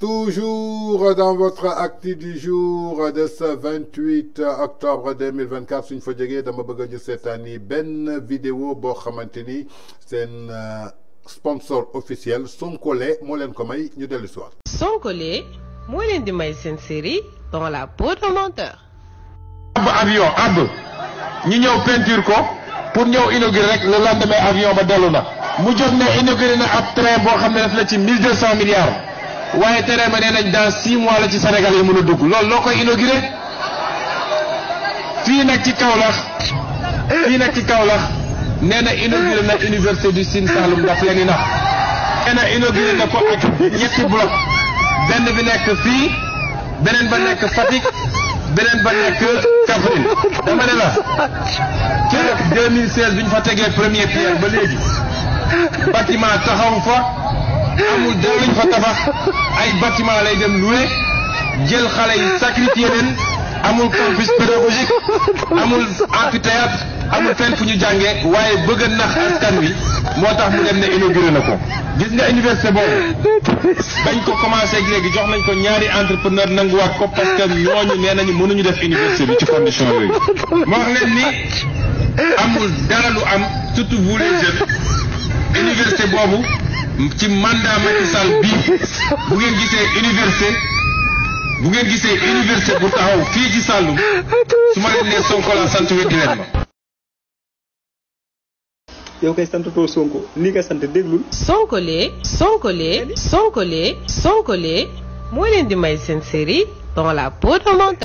Toujours dans votre acte du jour de ce 28 octobre 2024 une fois jógee dama bëgg ñu cette yi vidéo boo xamante ni euh, sponsor officiel son collègue, leen ko may ñu le soir Sonkolé moo leen di may série dans la peau de menteur ab avion ab ñu peinture ko pour nous inaugurer le lendemain avion ba mu jot ne inauguré na ab train boo xam ne daf na ci mille deux cent milliards waaye train ba nee nañ dans six mois la ci Sénégal yi mën a dugg lool loo koy inauguré fii nag ci Kaolack fii nag ci Kaolack nee na inauguré na université du Sine Saloum daf leen di nax nee na inauguré na ko ak ñetti bloc benn bi nekk fii beneen ba nekk Fatick beneen ba nekk Kaffrine dama ne la ci 2016 bi ñu fa tegee premier pierre ba léegi bâtiment taxaw fa amul dara luñ fa tabax ay bâtiment lay dem lu ne jël xale yi sacrifié leen amul campus pédagogique amul amphithéâtre amul fenn fu ñu jàngee waaye bëgg a nax askan wi moo tax mu dem ne inauguré na ko gis nga université boobu bañ ko commencé ak léegi jox nañ ko ñaari entrepreneur nanguwaat ko parce que ñooñu nee nañu mënuñu def université bi ci condition yooyu moo wax leen ni amul dara lu am surtout vous université boobu ci mandat Macky Sall bii bu ngeen gisee université bu ngeen gisee université bu taxaw fii ci Saloum su ma leen nee Sonko laa sant weddi leen ma. yow moo leen di may seen série dans la peau de l'homme.